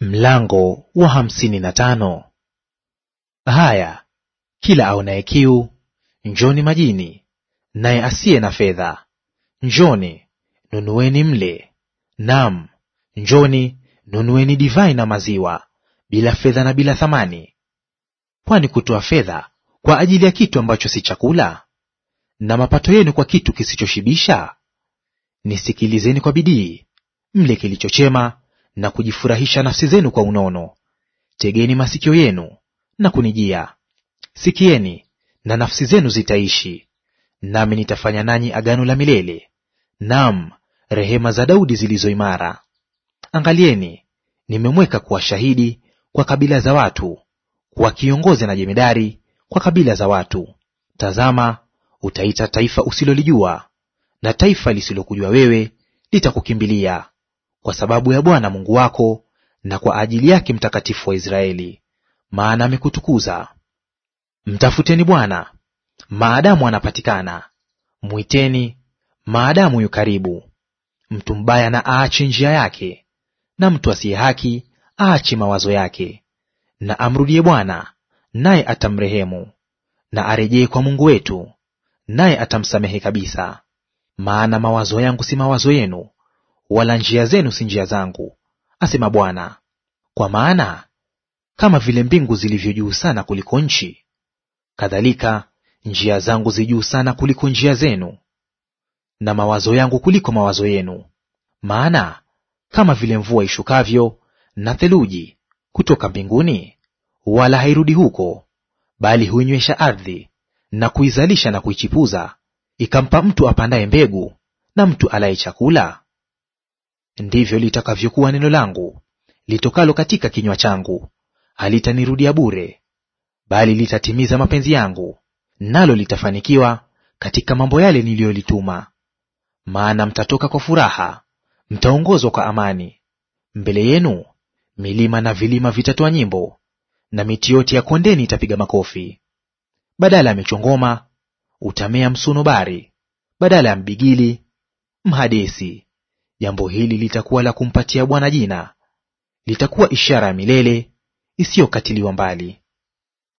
Mlango wa hamsini na tano. Haya, kila aonaye kiu njoni majini, naye asiye na fedha njoni nunueni mle; nam njoni nunueni divai na maziwa bila fedha na bila thamani. Kwani kutoa fedha kwa ajili ya kitu ambacho si chakula, na mapato yenu kwa kitu kisichoshibisha? Nisikilizeni kwa bidii, mle kilichochema chema na kujifurahisha nafsi zenu kwa unono. Tegeni masikio yenu na kunijia, sikieni, na nafsi zenu zitaishi, nami nitafanya nanyi agano la milele, naam, rehema za Daudi zilizo imara. Angalieni, nimemweka kuwa shahidi kwa kabila za watu, kuwa kiongozi na jemedari kwa kabila za watu. Tazama, utaita taifa usilolijua, na taifa lisilokujua wewe litakukimbilia kwa sababu ya Bwana Mungu wako na kwa ajili yake Mtakatifu wa Israeli, maana amekutukuza. Mtafuteni Bwana maadamu anapatikana, mwiteni maadamu yu karibu. Mtu mbaya na aache njia yake, na mtu asiye haki aache mawazo yake. Na amrudie Bwana, naye atamrehemu, na arejee kwa Mungu wetu, naye atamsamehe kabisa. Maana mawazo yangu si mawazo yenu, wala njia zenu si njia zangu, asema Bwana. Kwa maana kama vile mbingu zilivyo juu sana kuliko nchi, kadhalika njia zangu zi juu sana kuliko njia zenu, na mawazo yangu kuliko mawazo yenu. Maana kama vile mvua ishukavyo na theluji kutoka mbinguni, wala hairudi huko, bali huinywesha ardhi na kuizalisha na kuichipuza, ikampa mtu apandaye mbegu na mtu alaye chakula, ndivyo litakavyokuwa neno langu litokalo katika kinywa changu; halitanirudia bure, bali litatimiza mapenzi yangu, nalo litafanikiwa katika mambo yale niliyolituma. Maana mtatoka kwa furaha, mtaongozwa kwa amani. Mbele yenu milima na vilima vitatoa nyimbo, na miti yote ya kondeni itapiga makofi. Badala ya michongoma utamea msunobari, badala ya mbigili mhadesi. Jambo hili litakuwa la kumpatia Bwana jina, litakuwa ishara ya milele isiyokatiliwa mbali.